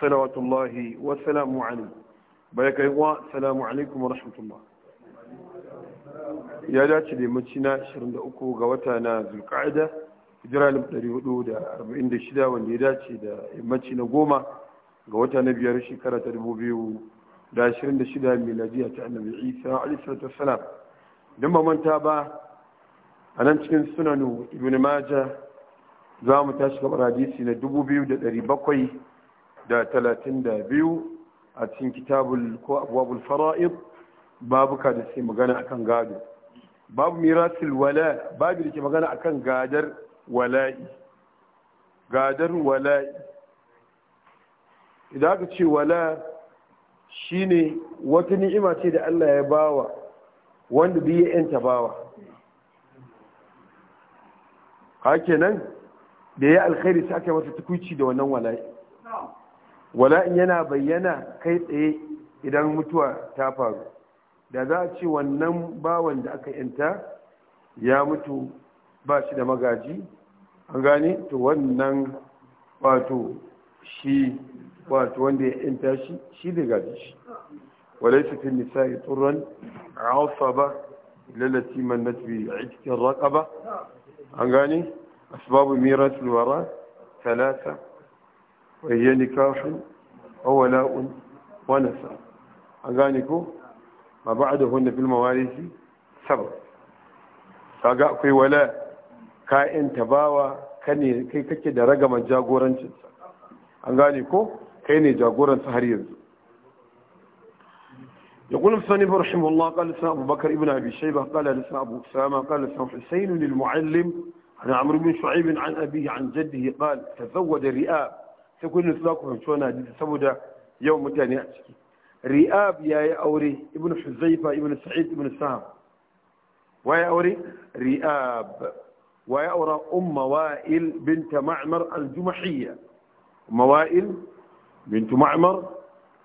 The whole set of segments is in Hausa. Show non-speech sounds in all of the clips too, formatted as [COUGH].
salawatullahi wa salamu alaihi bai kai wa salamu alaikum wa rahmatullah ya dace da yammaci na 23 ga wata na zulqa'ida hijira 446 wanda ya dace da yammaci na goma ga wata na biyar shekara ta 2026 miladiya ta annabi isa alaihi salatu wassalam dan ba ba a nan cikin sunanu ibn maja za mu tashi gabar hadisi na 2700 da talatin da biyu a cikin kitabul ko abubuwan fara'id babuka da sai magana akan gado babu mirasul wala babu da ke magana akan gadar wala'i gadar wala'i idan aka ce wala shine wata ni'ima ce da Allah ya bawa wanda biya yanta bawa haka nan da ya alkhairi sa aka masa tukuci da wannan wala'i Wala in yana bayyana kai tsaye idan mutuwa ta faru da za a ce wannan bawan da aka yanta ya mutu ba shi da magaji an gane to wannan wato shi wato wanda ya yanta shi shi da gaji shi fi وليس في النساء طرا عصبة التي منت بعتق الرقبة عن أسباب ميراث الوراث talata وهي نكاح وولاء ونسى أغانيك ما بعدهن في المواريث سبع فأغاك في ولاء كائن تباوى كي كي درجة من جاغورا أغانيك كين جاغورا سهريا يقول الثاني رحمه الله قال لسنا أبو بكر ابن أبي شيبة قال لسنا أبو أسامة قال لسنا حسين للمعلم عن عمرو بن شعيب عن أبيه عن جده قال تزود الرئاب sai kun za ku fahimci wani hadisi saboda yawan mutane a ciki ri'ab ya yi aure ibn huzaifa ibn sa'id ibn sahab waye aure ri'ab waye aura umma wa'il binta ma'mar al-jumahiyya umma wa'il bintu ma'mar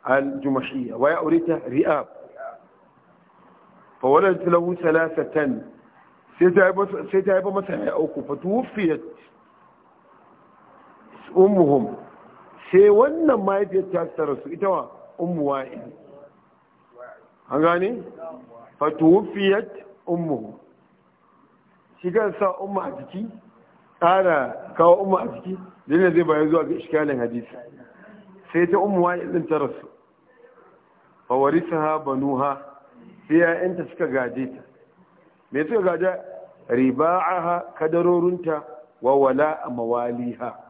al-jumahiyya waye aure ta ri'ab fa waladat lahu thalathatan sai ta yi ba masa ya uku fa tuwfiyat ummuhum sai wannan mahaifiyar ta tsara su ita wa ummu wa'id an gane fatuwufiyat ummu shi kan sa ummu a jiki tsara kawo ummu a jiki dina zai bayan zuwa ga iskalin hadisi sai ta ummu wa'id din ta rasu fa warisaha banuha sai ya'yanta suka gaje ta me suka gaje riba'aha kadarorunta wa wala mawaliha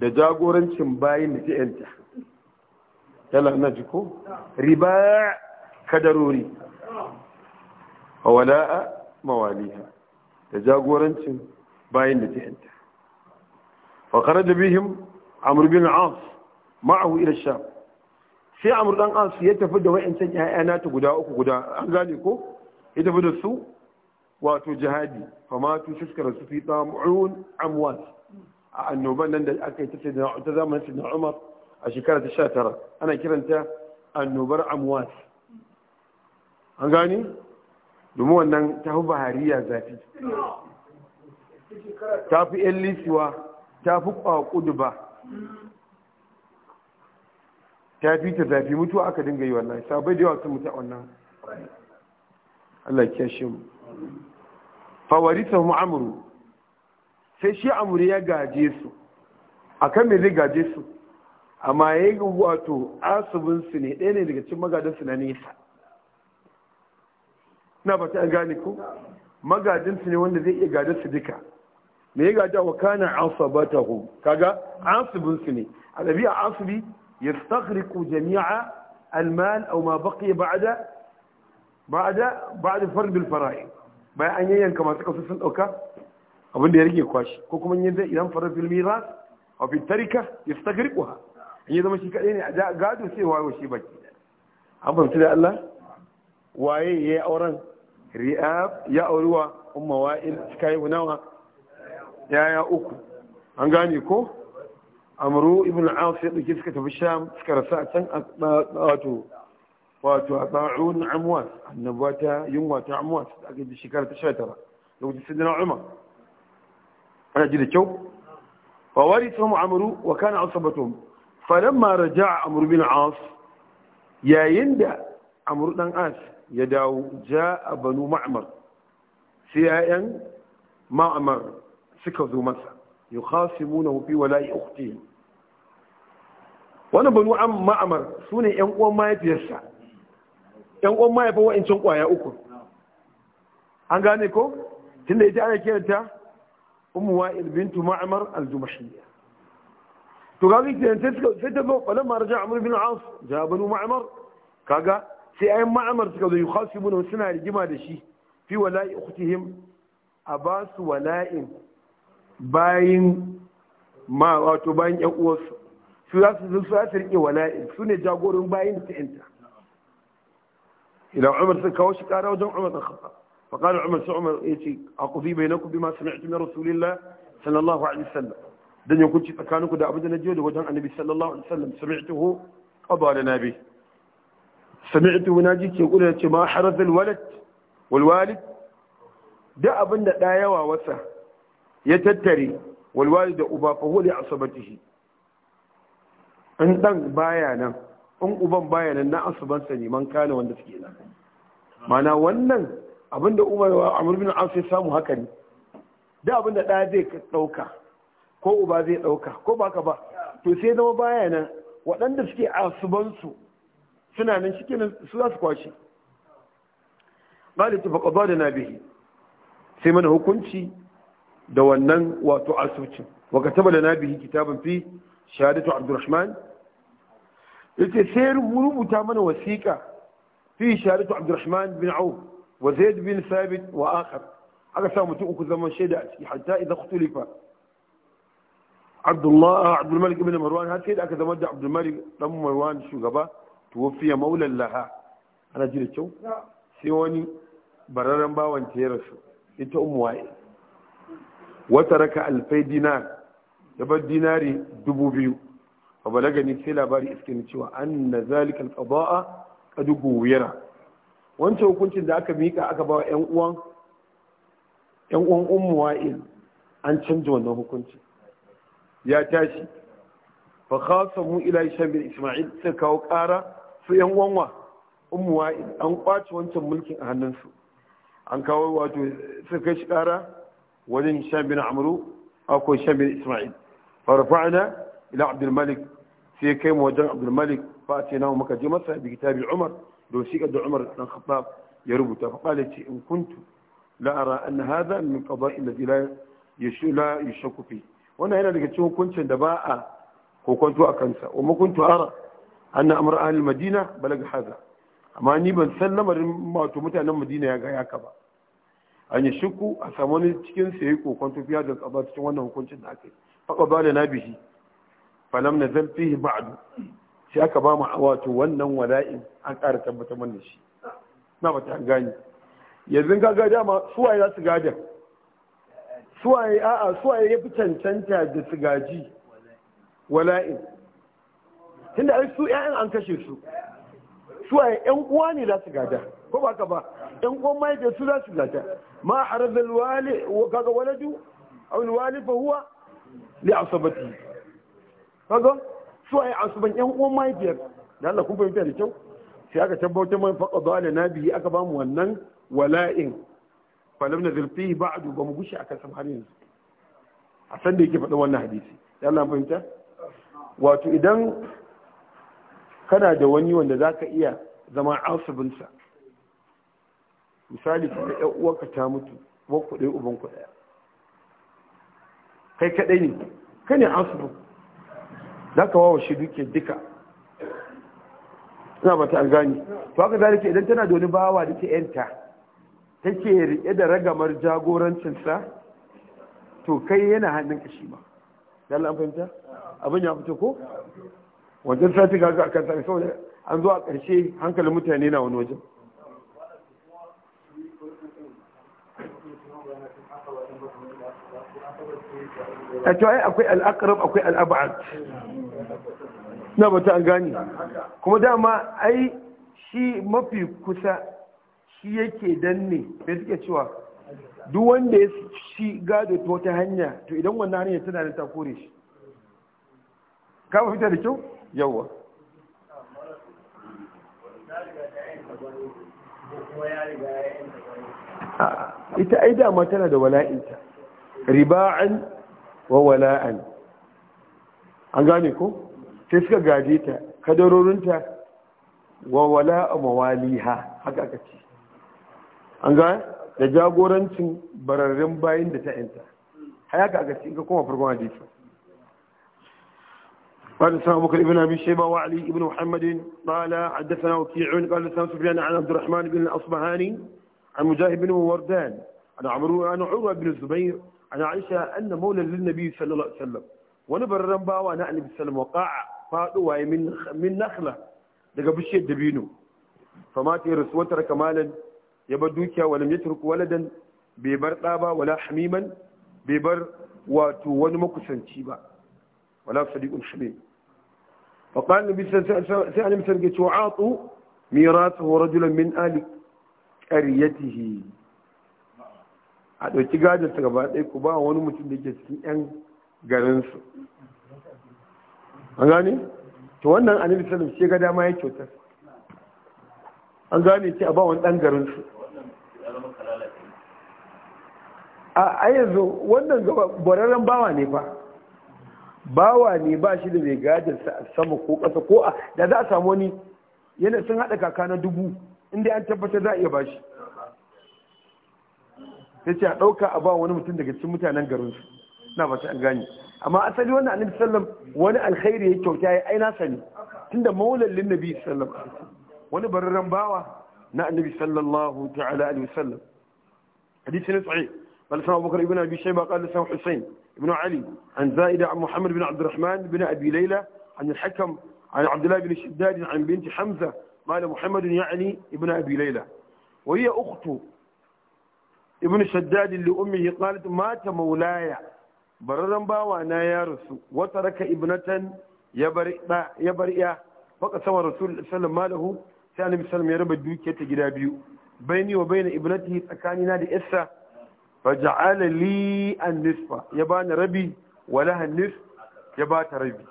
da jagorancin bayin da ta'yanta yala na ji ko riba kadarori a wala'a mawaliha da jagorancin bayin da ta'yanta fakar da bihim Amurbin bin ma'ahu ila sha. sai amur dan ya tafi da wa'ancan ƴaƴana ta guda uku guda an gane ko ya tafi da su wato jihadi famatu shiskara su fi tsamu'un amwat a annoban nan da aka yi ta zamanin sidna umar a shekara ta sha tara ana kiranta annobar Amuwas. an gani domin wannan ta fi bahariya zafi ta fi yan lisiwa ta fi kwakudu ba ta fi ta zafi mutuwa aka dinga yi wannan sabai da yawa ta mutu a wannan Allah ya kyashe mu fawarisa mu'amuru sai shi amuri ya gaje su kan me zai gaje su amma ya yi wato asibin su ne ɗaya ne daga cikin magadansu su na nesa na ba ta gane ku magadin su ne wanda zai iya gaje su duka me ya gaje wa kana hu kaga asibin su ne a ya asubi ku jami'a Alman أو ma baƙi ba'ada بعد بعد farbil fara'i bayan an yayyanka masu kasu sun ɗauka abin da ya rike kwashi ko kuma yin da idan farar filmi ba a fi tarika ya fi tagari kuwa in yi zama shi kaɗai ne a gado sai wayo shi baki an fahimci da Allah waye ya yi auren ri'ab ya auri wa umma wa'in cika yi nawa ya uku an gane ko amuru ibn al-aas ya ɗauki suka tafi sham suka rasa a can wato wato a tsarun amwas annabuwa ta yunwa ta ake da aka shekara ta 19 lokacin sidina umar ana ji da kyau Wa fa warithum amru wa kana asabatuhum falamma raja'a amru bin as yayin da amru dan as ya dawo ja'a banu ma'mar sai ya'yan ma'mar suka zo masa yukhasimunahu fi wala'i ukhtihim wannan banu ma'amar su ne ‘yan uwan mahaifiyarsa ‘yan uwan mahaifin wa'ancin kwaya uku an gane ko tunda ita ana kiranta ummu wa'il bintu ma'mar al-jumahiyya to kaga kenan sai ta zo wala ma raja amr bin as ja banu ma'mar kaga sai ayin ma'mar suka zo yukhasibuna suna rigima da shi fi wala'i ukhtihim a ba su wala'in bayin ma wato bayin yan uwarsu su za su su ne jagorin bayin ta'inta idan umar sun kawo shi kara wajen umar da khattab فقال عمر سعمر يتي أقضي بينكم بما سمعت من رسول الله صلى الله عليه وسلم دنيا كنت تكانك دا أبدا نجيود وجه النبي صلى الله عليه وسلم سمعته قضى لنا به سمعته ناجيك يقول ما حرز الولد والوالد دا أبدا دا يوا وسه يتتري والوالد أبا فهو لعصبته in ɗan baya nan in uban baya nan na asubansa ne man kana wanda suke nan mana wannan abinda umar wa amur bin an sai samu haka ne da abinda ɗaya zai ɗauka ko uba zai ɗauka ko ba ka ba to sai zama baya nan waɗanda suke asubansu suna nan shi su za su kwashe malik fa qada da bihi sai mana hukunci da wannan wato asibitin. wa kataba da bihi kitaban fi shahadatu abdurrahman yace sai rubuta mana wasiƙa fi shahadatu abdurrahman bin auf wa zaid bin sabit wa akhar aka sa mutum uku zaman shaida a ciki hatta idza khutulifa abdullah abdul malik ibn marwan har sai da aka zama da abdul malik dan marwan shugaba tuwafiya maulan laha ana ji da kyau sai wani bararren bawan ta ya rasu ita ummu wa'i wata raka alfai dinar ya bar dinari dubu biyu a balagani sai labari iske ni cewa an na zalika alqada'a qad guwira wancan hukuncin da aka mika aka ba wa uwan yan uwan ummu wa'il an canza wannan hukunci ya tashi fa mu ila hisham bin isma'il sai kawo ƙara su yan uwan wa ummu wa'il an kwace wancan mulkin a hannunsu an kawo wato sai kai shi ƙara wajen shan bin amru ko shan bin isma'il fa rafa'na ila abdul malik sai kai mu wajen abdul malik fa ce na muka je masa bi kitabi umar دوسيك دو عمر بن الخطاب يربط فقالت إن كنت لا أرى أن هذا من قضاء الذي لا لا يشك فيه وأنا هنا لقد كنت a kansa. أكنسا ma kuntu أرى أن أمر أهل المدينة بلغ هذا amma ni ban san lamarin wato mutanen madina ya ga yaka ba an yi shukku a samu wani cikin sai kokon tafiya da tsaba cikin wannan hukuncin da aka yi faɓa ba da na bihi falam na zalfihi ba'adu sai aka ba mu wato wannan wada'in an ƙara tabbatar mana shi na ba ta gani yanzu ka ga dama suwaye za su gadan suwaye a'a suwaye ya fi cancanta da su gaji wala'in tunda ai su ƴaƴan an kashe su suwaye ƴan uwa ne za su gada ko ba ka ba ƴan uwan mahaifiyar su za su gada ma harzal wali kaga waladu aw wali fa huwa li asabati ga su ai asuban yan uwan mahaifiyar da Allah kun fahimta da kyau sai aka tabbatar man faqa dala nabi aka bamu wannan wala'in falam na zirfi ba'du ba mu gushe akan sam har yanzu a san da yake faɗin wannan hadisi ya Allah fahimta wato idan kana da wani wanda zaka iya zama asubin sa misali ka ɗan uwarka ta mutu wa kuɗe uban ku ɗaya, kai kaɗai ne kane ne asubin za ka wawa shi duke duka ina ba ta an gani to haka rike idan tana da wani bawa da ta yanta take riƙe da ragamar jagorancinsa to kai yana hannun kashi ba dalla an fahimta abin ya fito ko wajen sati ga ga kan sai saboda an zo a ƙarshe hankalin mutane na wani wajen a cewa akwai al'akarar akwai al'abu'ad na bata an gani kuma dama ai shi mafi kusa shi yake danne da suke cewa duk wanda ya shi gado ta wata hanya to idan wannan hanyar tana da takore shi kama fita da kyau yawwa ita ai dama tana da wala'inta riba'an wa wala'an an gane ko? sai suka gaje ta kadarorinta wa wala mawaliha haka aka ce an ga da jagorancin bararren bayin da ta yanta haka aka ce ka kuma farkon hadisi قال سلام بكر ابن أبي شيبة وعلي ابن محمد قال حدثنا وكيع قال سلام سفيان عن عبد الرحمن بن الأصبهاني عن مجاهد بن وردان عن عمرو عن عروة بن الزبير عن عائشة أن مولى للنبي صلى الله عليه وسلم ونبر رنبا وأنا النبي صلى الله عليه وسلم وقع faduwa min nakhla daga bishiyar dabino fama ta yi watar kamalan ya bar dukiya wala yatruku waladan bai bar ɗa ba wala hamiman bai bar wato wani makusanci ba wala sadiqun hamim fa qala nabi sai annabi sai ga cewa atu mirathu rajulan min ali qaryatihi a ɗauki gadon gaba ɗaya ku ba wani mutum da ke cikin 'yan garinsu an gane to wannan annabi salim shi ga dama ya kyauta an gane ce a ba wani dan su a yanzu wannan bararren bawa ne fa bawa ne ba shi da mai gadarsa a sama ko ƙasa ko a da za a samu wani yana sun haɗa kaka na dubu inda an tabbatar za a iya bashi sai ce a ɗauka a ba wani mutum daga cikin mutanen garinsu na ba ta an gane amma asali wannan annabi sallam wani alkhairi ya kyauta ya aina sani tunda للنبي lin nabi sallam wani bararran bawa na annabi sallallahu ta'ala alaihi wasallam hadisi ne sahih قال سمع بكر ابن أبي شيبة قال سمع حسين ابن علي عن زائدة عن محمد بن عبد الرحمن بن أبي ليلى عن الحكم عن عبد الله بن شداد عن بنت حمزة قال محمد يعني ابن أبي ليلى وهي أخت ابن شداد لأمه قالت مات مولاي bararren bawa na ya rasu wata raka ibnatan ya bar iya faka sama rasul sallam malahu sai annabi sallam ya raba dukiyar ta gida biyu baini wa baina ibnatihi tsakanina da yassa fa ja'ala li an nisfa ya bani rabi wa laha nisf ya ba ta rabi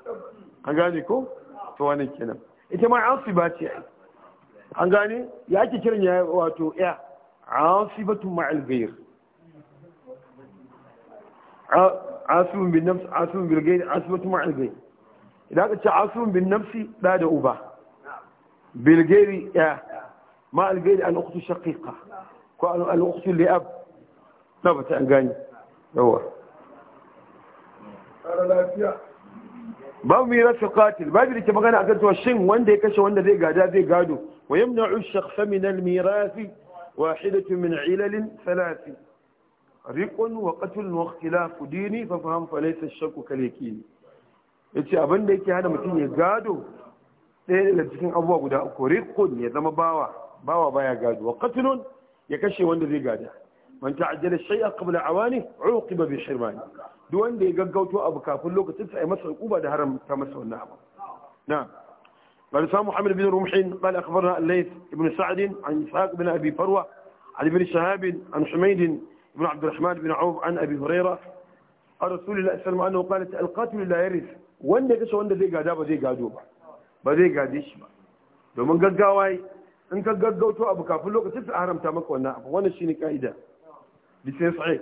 an gane ko to wannan kenan ita ma asiba ce ai an gane ya ake kiran ya wato ya sibatu ma'al ghayr asimin bin nafsi asimin bil gairi asimatu ma'al gairi idan aka ce asimin bin nafsi da da uba bil gairi ya ma'al gairi al ukhtu shaqiqa ko al ukhtu li na ba ta an gani yawa babu mirasu qatil babu da ke magana a akan cewa shin wanda ya kashe wanda zai gada zai gado wa ويمنع الشخص من الميراث واحدة من علل ثلاث riƙon wa ƙatul wa ƙila ku dini fa faham falaita shakku kaleki ya ce abin da yake hana mutum ya gado ɗaya daga cikin abubuwa guda uku riƙon ya zama bawa bawa baya gado wa ƙatulun ya kashe wanda zai gada man ta'ajjala a qabla awani uqiba bi shirmani duk wanda ya gaggauto abu kafin lokacin sa yi masa hukuma da haram masa wannan abu na قال muhammad bin بن رمح قال أخبرنا الليث بن سعد عن إسحاق بن أبي فروة عن ابن بن عبد الرحمن بن عوف عن أبي هريرة قال رسول الله صلى الله عليه وسلم انه قالت القاتل لا يرث وانا كسو وانا ذي قادة بذي قادة بذي قادة شما لو من قد قاواي ان قد قد قوتو أبو كافر لو كتبت أهرم تامك وانا وانا الشيني كايدا بسين صحيح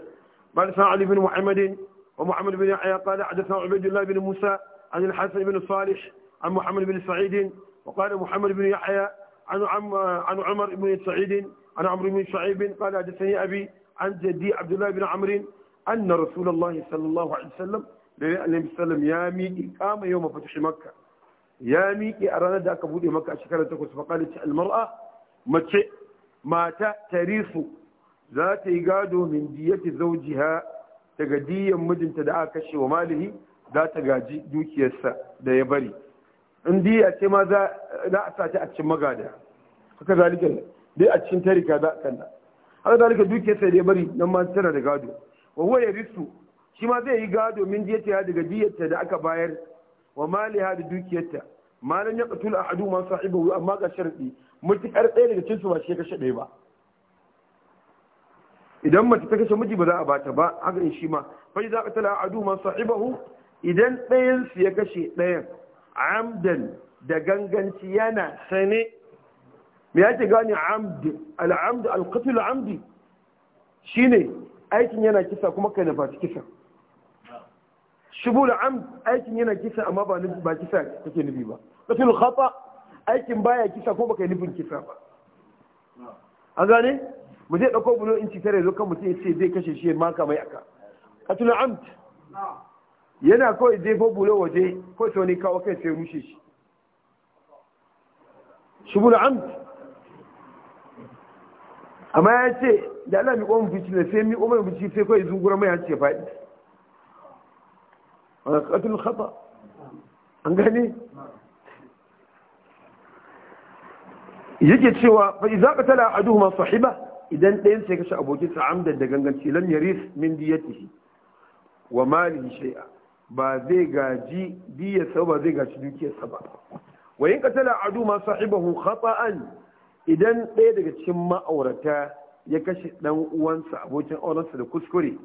بعد سنة علي بن محمد ومحمد بن يحيى قال حدثنا عبيد الله بن موسى عن الحسن بن صالح عن محمد بن سعيد وقال محمد بن يحيى عن عم عن عمر بن سعيد عن عمرو بن شعيب قال حدثني ابي an jaddi abdullahi bin amrin anna rasulullahi sallallahu alaihi da ya alaihi sallam ya miƙi kama yau mafatashi makka ya miƙe a ranar da aka buɗe maka a shekarar takwas faƙali ce almar'a mace mata tarisu za ta yi gado min diyati zaujiha daga diyan mijinta da aka kashe wa malihi za ta gaji dukiyarsa da ya bari in diya ce ma za a a cikin a cikin tarika haka zalika dukiyar sai da ya bari nan ma tana da gado wa huwa risu shi ma zai yi gado min diyata daga biyarta da aka bayar wa maliha da dukiyarta malan ya qatul ahadu ma sahibahu amma ga sharadi mutukar ɗaya daga cikin su ba shi kashe ɗaya ba idan mace ta kashe miji ba za a bata ba haka in shi ma fa idza tala ahadu ma sahibu idan ɗayan su ya kashe ɗayan amdan da ganganci yana sane me yake gani amdi al'amdi alqatl amdi shine aikin yana kisa kuma kai ci kisa shubul amd aikin yana kisa amma ba ba kisa kake nufi ba qatl khata aikin baya kisa ko baka nufin kisa ba an gane mu zai dauko bulo inci tare zo kan mutum yace zai kashe shi ma mai aka katul amd yana kawai zai bo bulo waje ko to ne kawo kai sai rushe shi shubul amd amma ya ce da ala mi koma bici ne sai mi koma bici sai kawai zungura mai ya ce faɗi wani katul haɓa an gani yake cewa tala a duhu masu haɓa idan ɗayan sai kashe abokin sa amdan da ganganci lam yaris min diyatihi wa malihi shay'a ba zai gaji sau ba zai gaji dukiyarsa ba wa in haɓa aduhuma haɓa an? idan ɗaya daga cikin ma'aurata ya kashe ɗan uwansa abokin aurensa da kuskure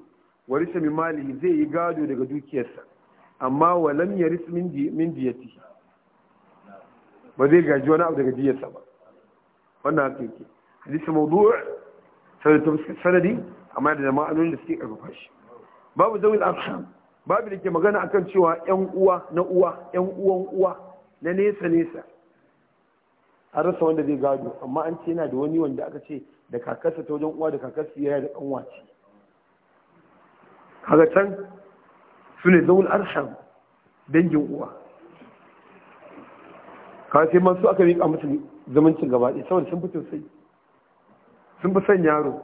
wa risa mali zai yi gado daga dukiyarsa amma wa lam yaris min diyati ba zai gaji wani abu daga diyarsa ba wannan haka yake hadisi mawdu' sanadi amma da jama'a da suke karfafa shi babu zawil arham babu da ke magana akan cewa yan uwa na uwa yan uwan uwa na nesa nesa an rasa wanda zai gado amma an ce yana da wani wanda aka ce da kakarsa ta wajen uwa da kakarsa yana da kanwa ce kaga can su ne zaun arsham dangin uwa kawai sai masu aka miƙa musu zamancin gaba ɗaya saboda sun fi sai sun fi son yaro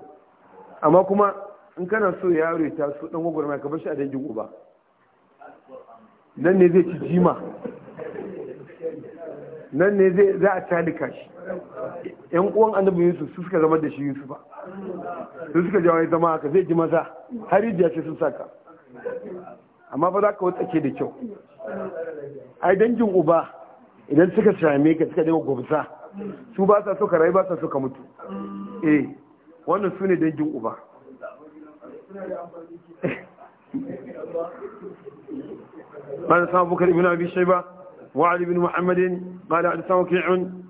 amma kuma in kana so yaro ya taso ɗan gwagwarmaya ka bar shi a dangin uba nan ne zai ci jima nan ne zai za a talika shi yan uwan annabi yusuf su suka zama da shi yusuf ba su suka jawo ya zama haka zai ji maza har rijiya ce sun saka amma ba za ka ke da kyau ai dangin uba idan suka same ka suka dama gobsa su ba sa so ka rayu ba sa so ka mutu eh wannan su ne dangin uba ba na samun bukari ibn abi shaiba وعلي بن محمد قال عن وكيع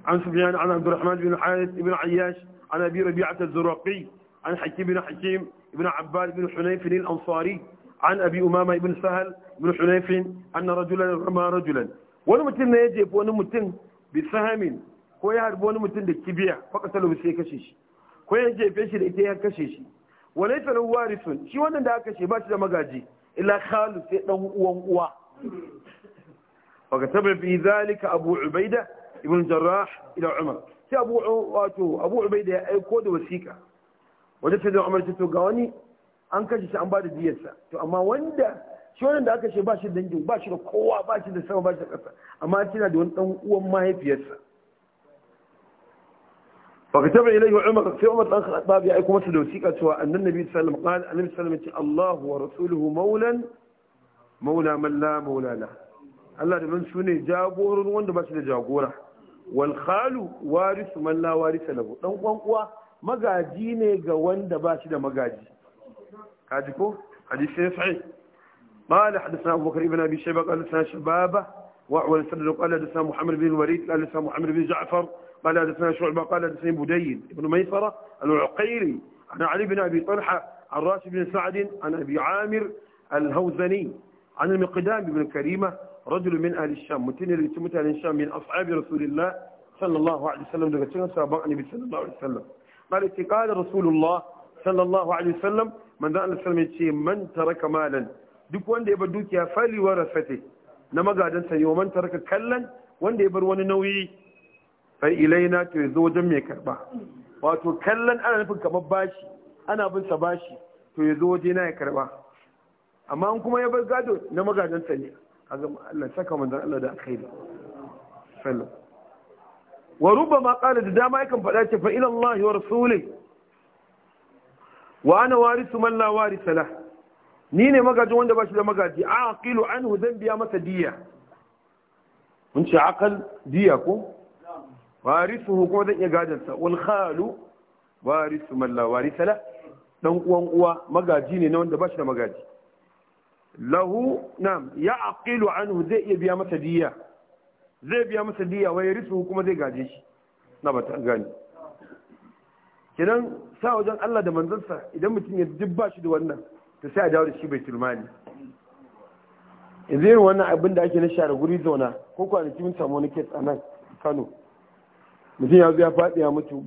عن سفيان عن عبد الرحمن بن حارث بن عياش عن أبي ربيعة الزراقي عن حكيم بن حكيم بن عباد بن حنيف الأنصاري عن أبي أمامة بن سهل بن حنيف أن رجلا رمى رجلا ونمتن يجب ونمتن بسهم ko ya harbi wani mutum da kibiya faka talabu sai kashe shi ko ya jefe shi da ita ya kashe shi walai talahu warisun shi wannan da aka kashe ba shi da magaji illa khalu sai dan uwan uwa وكتب في ذلك أبو عبيدة ابن الجراح إلى عمر في أبو عواته أبو عبيدة كود وسيكة وجدت عمر جت جدت قواني أنك جس أنبار ديسة أما وندا شو أنا داك شو باش دنجو باش القوة باش السما باش القطة أما أتينا دون أم وما هي بيسة فكتب إليه عمر في عمر الأخ باب يعيكم مسلم وسيكة أن النبي صلى الله عليه وسلم قال النبي صلى الله عليه وسلم الله ورسوله مولا مولى من لا مولى له Allah da su ne jagorin wanda ba shi da jagora wal khalu warisu man la warisa lahu dan uwan uwa magaji ne ga wanda ba shi da قال حدثنا أبو بكر بن أبي شيبة قال حدثنا شبابة وأول سند قال حدثنا محمد بن الوليد قال حدثنا محمد بن جعفر قال حدثنا شعبة قال حدثنا بدين بن ميسرة العقيري عن علي بن أبي طلحة عن راشد بن سعد عن أبي عامر الهوزني عن المقدام بن كريمة rajul min ahli sham mutum ne daga mutanen sham min ashabi rasulillah sallallahu alaihi wasallam daga cikin sahabban annabi sallallahu alaihi wasallam qala ce qala rasulullah sallallahu alaihi wasallam manzo Allah sallallahu alaihi wasallam ce man taraka malan duk wanda ya bar dukiya fali warasate na magadan sa yau man taraka kallan wanda ya bar wani nauyi fa ilaina to yazo wajen mai karba wato kallan ana nufin kamar bashi ana bin sa bashi to yazo waje na ya karba amma kuma ya bar gado na magadan sa ne kaga Allah saka manzon Allah da alkhairi sallam wa rubbama qala da dama yakan faɗa ce fa ila Allah wa rasuli wa ana warisu man la warisa la ni ne magaji wanda ba shi da magaji aqilu anhu zan biya masa diya mun ce aqal diya ko warisuhu ko zan iya sa, wal khalu warisu man la warisa la dan uwan uwa magaji ne na wanda ba shi da magaji lahu nam ya aqilu anhu zai iya biya masa diya zai biya masa diya wai risu kuma zai gaje shi na ba ta gani kidan sa wajen Allah da manzansa idan mutum ya dubba shi da wannan to sai a dawo da shi bai tilmani yanzu yin wannan abin da ake na share guri zauna ko kwanaki mun samu wani kes a nan Kano mutum ya zo ya faɗi ya mutu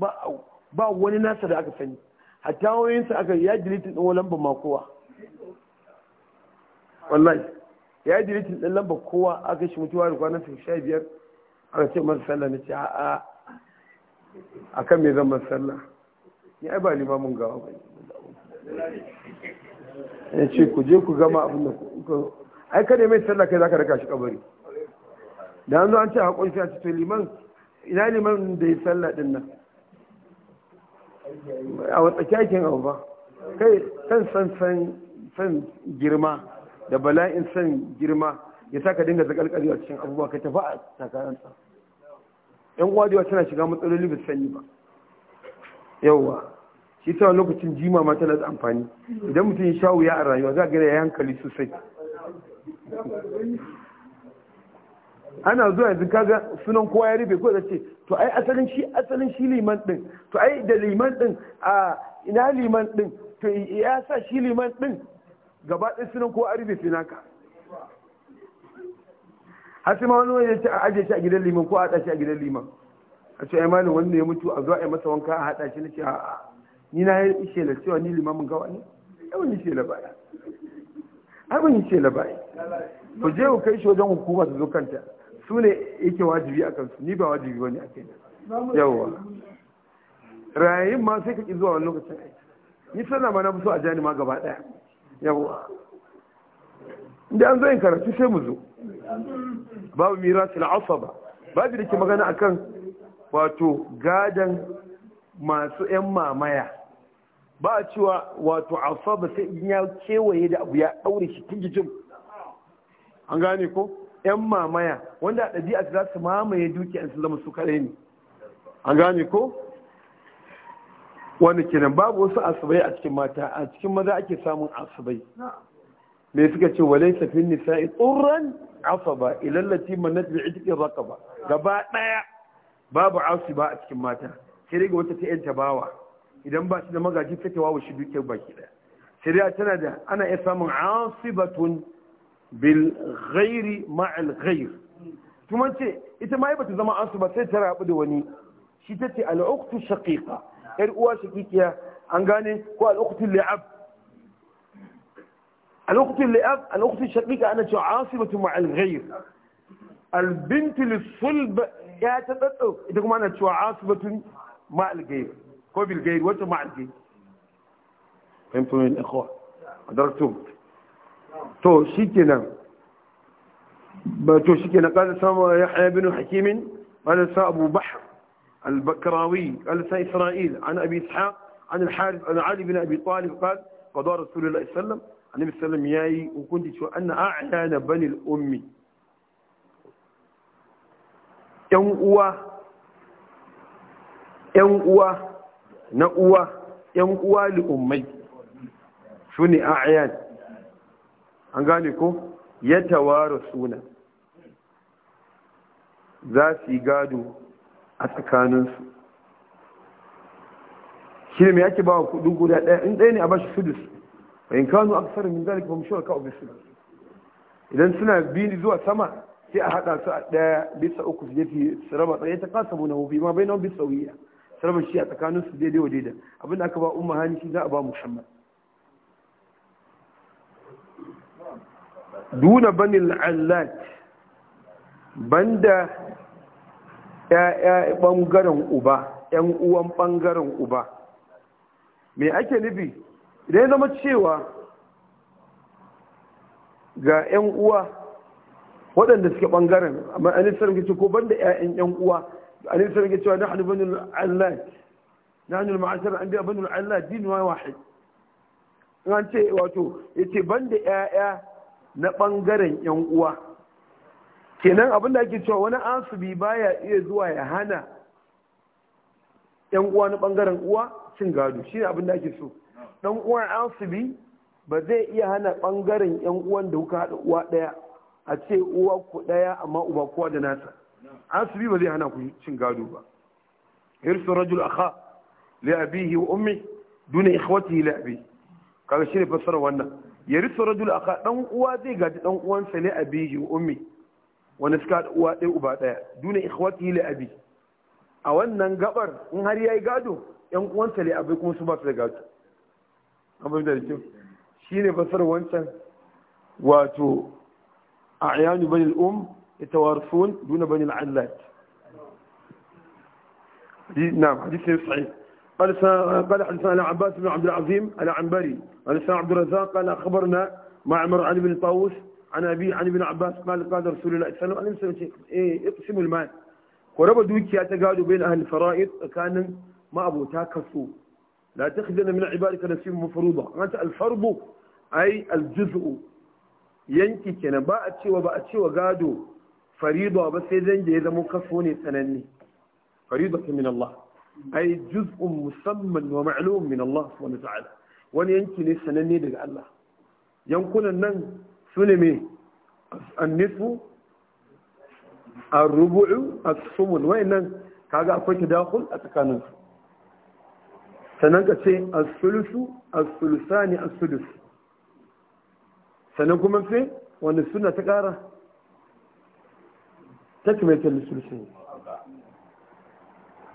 ba wani nasa da aka sani hatta wayoyinsa aka ya dilitin ɗin lambar makowa wallahi ya yi diritin ɗan lamba kowa aka shi mutuwa da kwanan su sha biyar aka ce masa sallah na ce a'a a kan mai zan masa sallah ya yi ba limamin gawa ba ya ce ku je ku gama abin da ku ai kada mai sallah kai zaka raka shi kabari da hannu an ce haƙon shi a cikin liman ina liman da ya sallah din nan a wata kyakkyan abu ba kai san san san girma da bala'in san girma ya sa ka dinga zakalkali a cikin abubuwa ka tafi a takaranta yan uwa da tana shiga matsaloli ba sani ba yawwa shi ta lokacin jima ma tana da amfani idan mutum ya sha wuya a rayuwa za a gina ya hankali sosai ana zuwa yanzu kaga sunan kowa ya rufe ko da ce to ai asalin shi asalin shi liman din to ai da liman din a ina liman din to ya sa shi liman din gaba ɗin sunan ko an rufe sinaka har ma wani wani ya a ajiye shi a gidan liman ko a haɗa shi a gidan liman a ce ai wani wanda ya mutu a zuwa ya masa wanka a haɗa shi na ce a'a ni na yi shela cewa ni limamin gawa ne ai ban yi shela ba ai ban yi shela ba to je ku kai shi wajen hukuma su zo kanta su ne yake wajibi a kansu ni ba wajibi wani a kai yawwa rayayin ma sai ka ki zuwa wani lokacin ai ni sana ma na fi so a jani ma gaba ɗaya yawa inda an zo yin karatu sai mu zo babu mirasul asaba babu da ke magana akan wato gadan masu 'yan mamaya ba a cewa wato asaba sai in ya kewaye da abu ya daure shi tigijin an gane ko 'yan mamaya wanda a ɗabi'a za su mamaye dukiyar su zama su kare ne an gane ko wani kenan babu wasu asibai a cikin mata a cikin maza ake samun asibai me suka ce walai safin nisa'i tsurran asaba ilallati manat bi itiqin raqaba gaba daya babu asiba a cikin mata sai dai wata ta yanta bawa idan ba shi da magaji ta ta wawo shi dukiyar baki daya sai tana da ana iya samun asibatun bil ghairi ma'al ghair kuma ce ita ma ba bata zama asiba sai ta rabu da wani shi ta ce al'uqtu shaqiqa yar uwa su kikiya an gane ko al'uqtul li'ab al'uqtul li'ab al'uqtul shakika ana cewa asibatu ma'al ghayr albinti lissulb ya ta tsatsau ita kuma ana cewa asibatun ma'al ghayr ko bil ghayr wata ma'al ghayr fahimtum min ikhwa adartum to shi kenan ba to shikenan qala sama yahya ibn hakim qala sa abu bahr البكراوي قال سيد إسرائيل عن أبي إسحاق عن الحارث عن علي بن أبي طالب قال قضى رسول الله صلى الله عليه وسلم النبي صلى الله عليه وسلم ياي وكنت شو أن أعلان بني الأمي ‘yan uwa ‘yan uwa na uwa ‘yan uwa li'ummai su ne a'ayan an a tsakaninsu shi ne mai yake ba wa kudu guda ɗaya in ɗaya ne a ba shi sudus in kanu kasar min zalika ba mu shi ka obi idan suna biyu zuwa sama sai a haɗa su a ɗaya bisa uku su jefi su raba tsaye ta kasa muna na hufi ma bai na bisa wuya su raba shi a tsakanin su daidai wa daidai abinda aka ba umma hannu shi za a ba mu muhammad duna banin allat banda 'ya'ya ɓangaren uba 'yan uwan ɓangaren uba me ake nufi idan ya zama cewa ga 'yan uwa waɗanda suke ɓangaren amma an sarki ce ko da 'ya'yan 'yan uwa an yi sarki cewa na hannu banin allah na hannu ma'asar an biya banin allah dinuwa wahid an ce wato ya ce ban da 'ya'ya na ɓangaren 'yan uwa kenan abin da ake cewa wani asibi baya iya zuwa ya hana yan uwa na bangaren uwa cin gado shi ne abin da ake so dan uwan asibi ba zai iya hana bangaren yan uwan da kuka haɗa uwa ɗaya a ce uwa ku ɗaya amma uba kowa da nasa asibi ba zai hana ku cin gado ba hirsu rajul akha li abihi wa ummi duna ikhwatihi li abi kaga ne fassara wannan yarisu rajul akha dan uwa zai gaji dan uwansa li abihi wa ummi wanda suka haɗa uwa ɗaya uba ɗaya duna ikhwati li abi a wannan gabar in har yayi gado yan uwansa li abi kuma su ba su da gado abin da kyau shine fasar wancan wato a'yanu bani al-um yatawarithun duna bani al-allat نعم حديث صحيح قال قال حدثنا عباس بن عبد العظيم العنبري قال عبد الرزاق قال اخبرنا معمر علي بن طاووس Ana abi an ibn abbas qala qala rasulullahi sallallahu alaihi wasallam ce eh iqsimul dukiya ta gado bayan ahli fara'id tsakanin ma'abota kaso la takhdana min ibadika nasib mafruḍa anta al fardu ay al juz'u yanki kenan ba a cewa gado farida ba sai dan da ya zama kaso ne tsananne min Allah ay juz'un musamman wa min Allah wani yanki ne sananne daga Allah yankunan nan su ne mai annifu a rubu'u a sumun wayannan kaga akwai tadakul a tsakaninsu sannan ka ce a sulusu a sulusa ne a sannan kuma sai wani suna ta ƙara ta kimaitar sulusu ne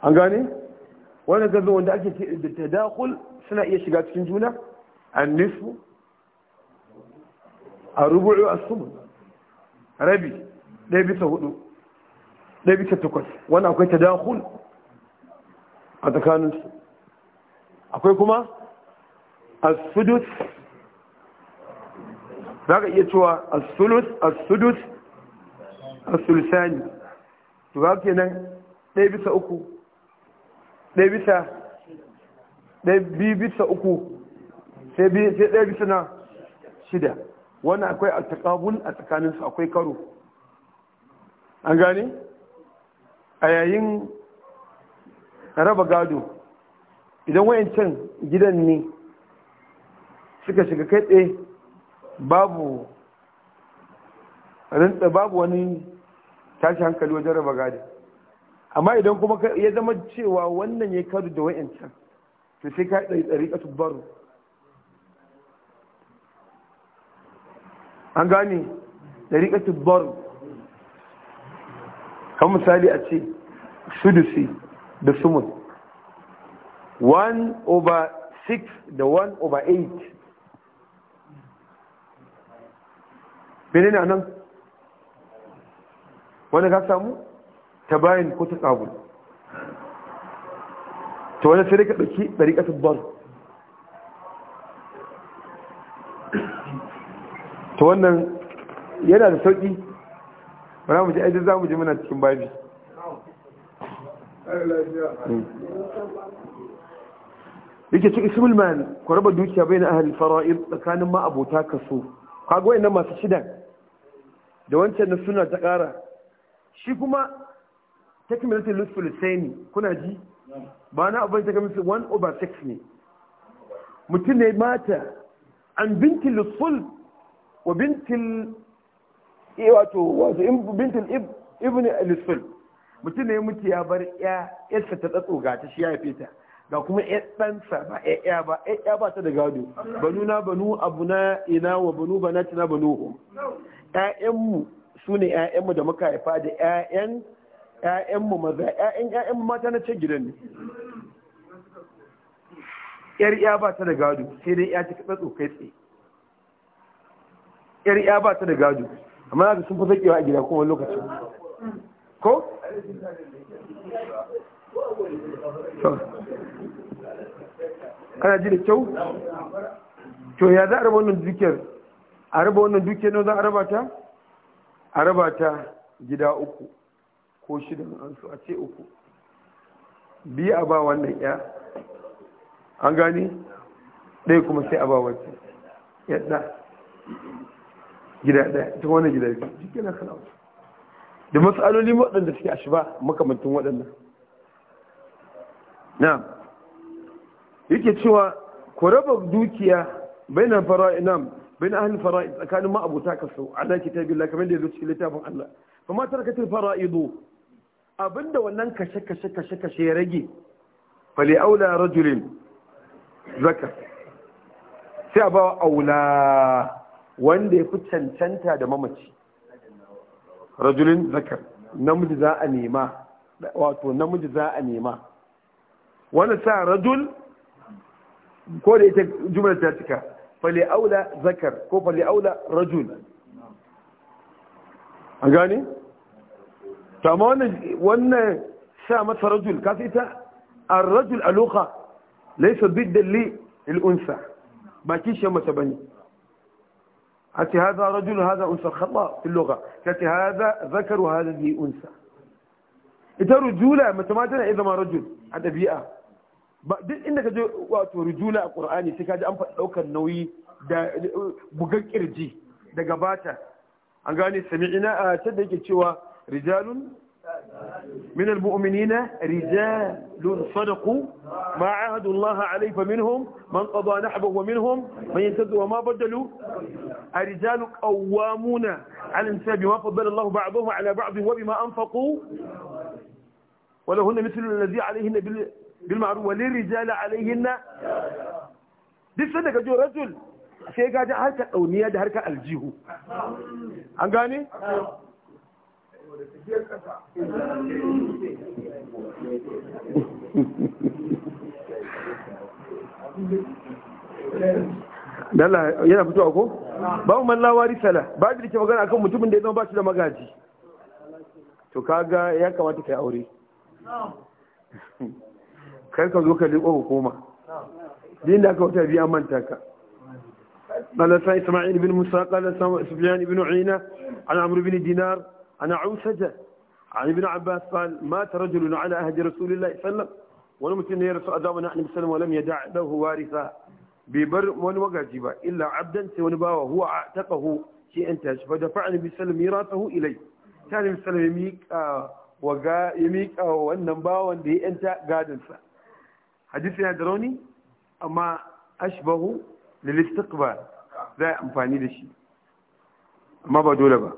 an gane wani gazo wanda ake ce da tadakul suna iya shiga cikin juna annifu a rubu'u a sumun rabi ɗaya bisa hudu ɗaya bisa takwas wani akwai ta dahul a tsakaninsu akwai kuma asudus za ka iya cewa asulus asudus asulusani to ga nan ɗaya bisa uku ɗaya bisa ɗaya bisa uku sai ɗaya bisa na shida Wani akwai altakabul a tsakaninsu akwai karo an gane a yayin raba gado idan wayancan gidan ne suka shiga kai tsaye babu rinta babu wani tashi hankali wajen raba gado amma idan kuma ya zama cewa wannan ya karo da wayancan to sai ka ɗari ɗari baro an gane dariƙatun bar kan misali a ce sudusi da sumun 1 over 6 da 1 over 8 bene menene nan wani ka samu ta bayan ko ta tsabu ta wani sai da ka ɗauki dariƙatun bar ta wannan yana da sauƙi ba mu ji aidi za mu ji muna cikin babi yake cikin ismul ku raba dukiya bai na ahal fara'ir tsakanin ma abota kaso kago yana masu shidan da wancan na suna ta ƙara shi kuma takmilati sai sayni kuna ji ba na abin takmilati 1 over 6 ne mutum ne mata an binti lusful wa bintil eh, wato wato bintil ibn al-sul mutum ne mutu ya bar ya yarsa ta tsatso ga ta shi ya fita ga kuma ya ɗansa ba ya ba ya ba ta da gado banu na banu abu na ina wa banu bana na banu hum ƴaƴanmu su ne ƴaƴanmu da muka haifa da ƴaƴan ƴaƴanmu maza ƴaƴan ƴaƴanmu mata na can gidan ne ƴar ya ba ta da gado sai dai ya ta tsatso kai tsaye yar ya ba ta da gado amma za sun fi sakewa a gida kuma lokaci ko kana ji da kyau to ya za a raba wannan dukiyar a raba wannan dukiyar ne za a raba ta a raba ta gida uku ko shidan an su a ce uku biyu a ba wannan ya an gani ɗaya kuma sai a ba wacce yadda gida ɗaya ita wannan gida biyu shi na nan kalawa da matsaloli waɗanda suke a shi ba makamantin waɗannan na yake cewa ku raba dukiya bai na fara'i nan bai na ahalin fara'i tsakanin ma'abuta ka sau ana kitabin la kamar da ya zo cikin littafin Allah kuma tarkatin fara'i zo abinda wannan kashe-kashe-kashe ya rage fali aula rajulin zaka sai a ba aula wanda ya fi cancanta da mamaci rajulin zakar namiji za a nema wato namiji za a nema wanda sa rajul ko da ita jumla ta cika fali aula zakar ko fali aula rajul a gani? amma wannan sa masa rajul kasi ita الرجل ألوخة ليس ضد للأنثى mace ba ne. أتي هذا رجل هذا أنثى خطأ في اللغة أتي هذا ذكر وهذه أنثى ita rujula mace ma tana iya zama rajul a ɗabi'a duk inda ka je wato rujula a ƙur'ani sai ka ji an faɗi ɗaukar nauyi da ƙirji da gabata an gane sami'ina a can da yake cewa rijalun من المؤمنين رجال صدقوا ما عاهدوا الله عليه فمنهم من قضى نحبه ومنهم من يمتد وما بدلوا الرجال قوامون على النساء بما فضل الله بعضهم على بعض وبما أنفقوا ولهن مثل الذي عليهن بالمعروف وللرجال عليهن دي sanda ka رجل شيء قاعد ga أو ɗauniya da harkar aljihu Dalla yana fitowa ko? Babu mallawari sala, babu da ke magana akan mutumin da ya zama ba shi da magaji. To kaga ya kamata ka yi aure. Kar ka zo ka liƙo hukuma. Din da aka wata biya manta ka. قال Isma'il ibn Musa, موسى قال Sufyan ibn عينة ana عمرو bin Dinar. عن عوشجة عن ابن عباس قال مات رجل على أهد رسول الله صلى الله عليه وسلم رسول ونحن بسلم ولم يدع له وارثا ببر من با إلا عبدا سونباوه هو اعتقه شيء انتهج فدفعني بسلم ميراثه إليه كان بسلم يميك آه، وقا يميك أو آه النباوة أنت قادم فا حديثنا دروني أما أشبه للاستقبال ذا أمفاني لشي ما بدولة بقى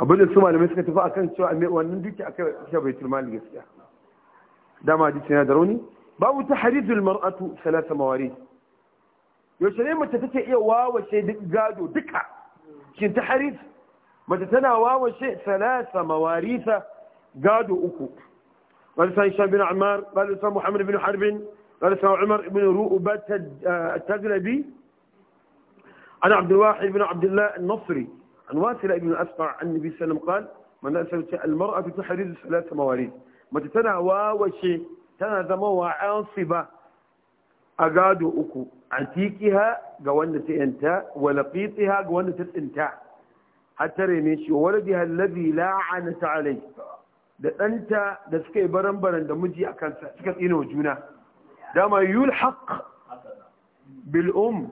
abin da su malamai suka tafi akan cewa mai wannan duki aka shi bai tilmal gaskiya dama ji na da rauni babu ta tahrizul mar'atu salasa mawari yaushe ne mace take iya wawace duk gado duka shin ta tahriz mace tana wawace salasa mawarisa gado uku قال سيدنا shan bin عمار قال سيدنا محمد bin حرب قال سيدنا umar ibn رؤبة التغلبي عن عبد الواحد بن عبد الله النصري عن واسلة بن أسقع عن النبي صلى الله عليه وسلم قال من أسألت المرأة تحرز ثلاث مواريث متى تنا واوشي تنا زما وعاصبة أقادو أكو عتيكها قوانا تئنتا ولقيطها قوانا تئنتا حتى رميش وولدها الذي لا عنة عليه da ɗanta da suka yi baran-baran da miji a kansa suka tsina wa juna dama yul haq bil'um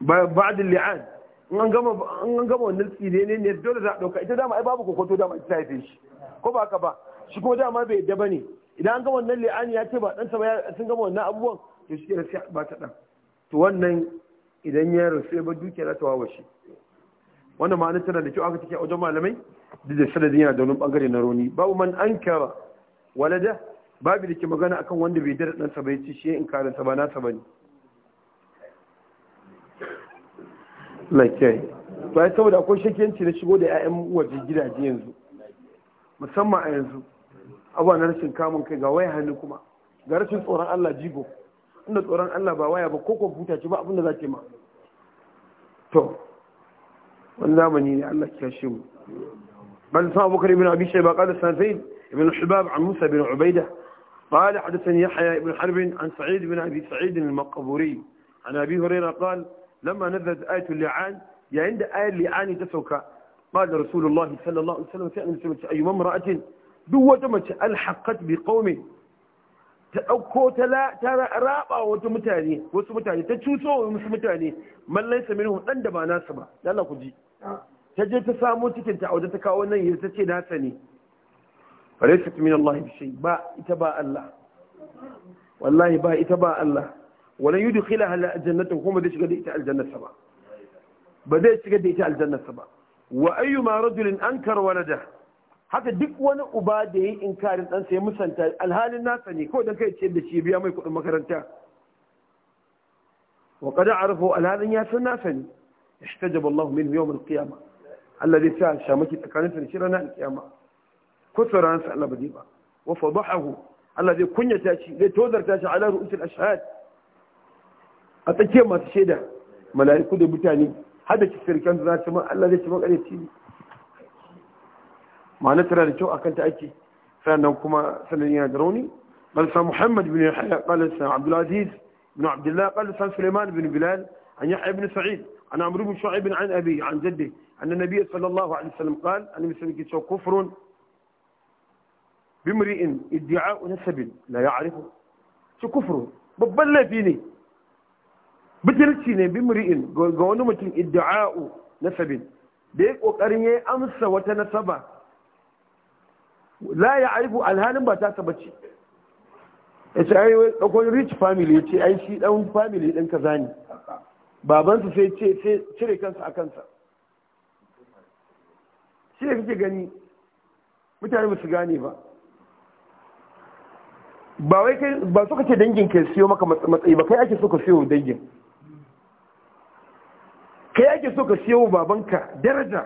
ba'ad li'an in an gama wannan tsire ne ne dole za a ɗauka ita dama ai babu kokoto dama ita haife shi ko ba haka ba shi ko dama bai yadda ba ne idan an gama wannan li'ani ya ce ba ɗansa ba sun gama wannan abubuwan to shi kenan sai ba ta ɗan to wannan idan ya rasu ya duke dukiya za ta wawashe wannan ma'ana tana da kyau aka take a wajen malamai duk da sanadin yana da wani bangare na rauni babu man ankara walada babu da ke magana akan wanda bai dare dan ba ya ci shi in karanta ba na ba ne lakai to saboda akwai shakiyanci na shigo da 'ya'yan waje gidaje yanzu musamman a yanzu abuwa na rashin kamun kai ga waya hannu kuma ga rashin tsoron Allah jigo inda tsoron Allah ba waya ba ko kwamfuta ce ba abinda za ke ma to wani zamani ne Allah ke shi mu bal sa abokan Karim ibn shai ba kada sanatayn ibn shubab an Musa bin Ubaida قال حدثني يحيى بن حرب عن سعيد بن أبي سعيد المقبوري عن أبي هريرة قال lamma nazalat yayin da ayar li'ani ta sauka ba da rasulullahi sallallahu alaihi wasallam sai annabi ce ayyuma mar'atin duk wata mace alhaqat bi qaumi ta dauko ta raba wata wasu mutane ta cuso wasu mutane mallan samirhum dan ba nasa ba Allah ku ji ta je ta samo cikin ta auda ta nan ta ce nasa ne falaysat min ita ba Allah walan yudu khila hala aljannata kuma zai shiga da ita aljannata ba ba zai shiga da ita aljannata ba wa ayyuma rajulin ankar da. haka duk wani uba da ya yi inkarin dan sai musanta alhalin nasa ne kawai dan kai ce da shi biya mai kuɗin makaranta wa qad arafu alhalin ya san nasa ne ihtajaba Allah minhu yawm al kiyama. Allah zai sa shamaki tsakanin sa da shi ranar kiyama. qiyama ko sauran sa Allah ba zai ba wa fadahahu Allah zai kunyata shi zai tozarta shi ala ru'usul ashhad a tsakiyar masu shaida mala'iku da mutane har da kisirkan za su ma Allah zai ci makareci ne ma'ana tana da kyau akan ta ake sannan kuma sannan yana da rauni قال محمد بن يحيى قال عبد العزيز بن عبد الله قال سليمان بن بلال عن يحيى بن سعيد عن عمرو بن شعيب عن أبي عن جده أن النبي صلى الله عليه وسلم قال أن مسلمك كفر بامرئ ادعاء نسب لا يعرفه شو كفره ببلا فيني bitirci ne bi muri'in ga wani mutum idda'a'u nasabin da ya kokarin ya amsa wata nasaba la ya aibu alhalin ba ta saba ce ya ce ai wani rich family ya ce ai shi dan family din kaza ne Babansu sai ce sai cire kansa a kansa shi ne kake gani mutane ba su gane ba ba wai kai ba so ce dangin kai siyo maka matsayi ba kai ake so ka siyo dangin kai ake so ka siyo wa babanka daraja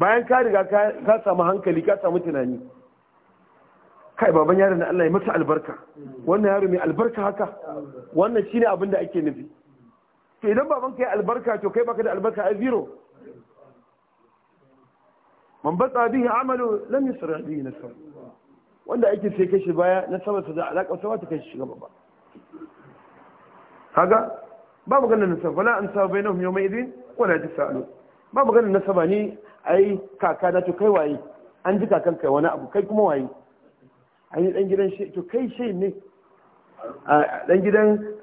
bayan ka riga ka samu hankali ka samu tunani kai baban yaro na Allah ya masa albarka wannan yaro mai albarka haka wannan shine abin da ake nufi to idan baban ka ya albarka to kai baka da albarka a zero man batsa bihi amalu lam yusra bihi nasab wanda ake sai kashi baya na sabata da alaka sama ta kashi gaba ba kaga ba ganin nasaba wala an sa bai nahum yawma idin wala tasalu ba ganin nasaba ni ai kaka na to kai waye an ji kakan kai wani abu kai kuma waye ai dan gidan shi to kai shi ne dan gidan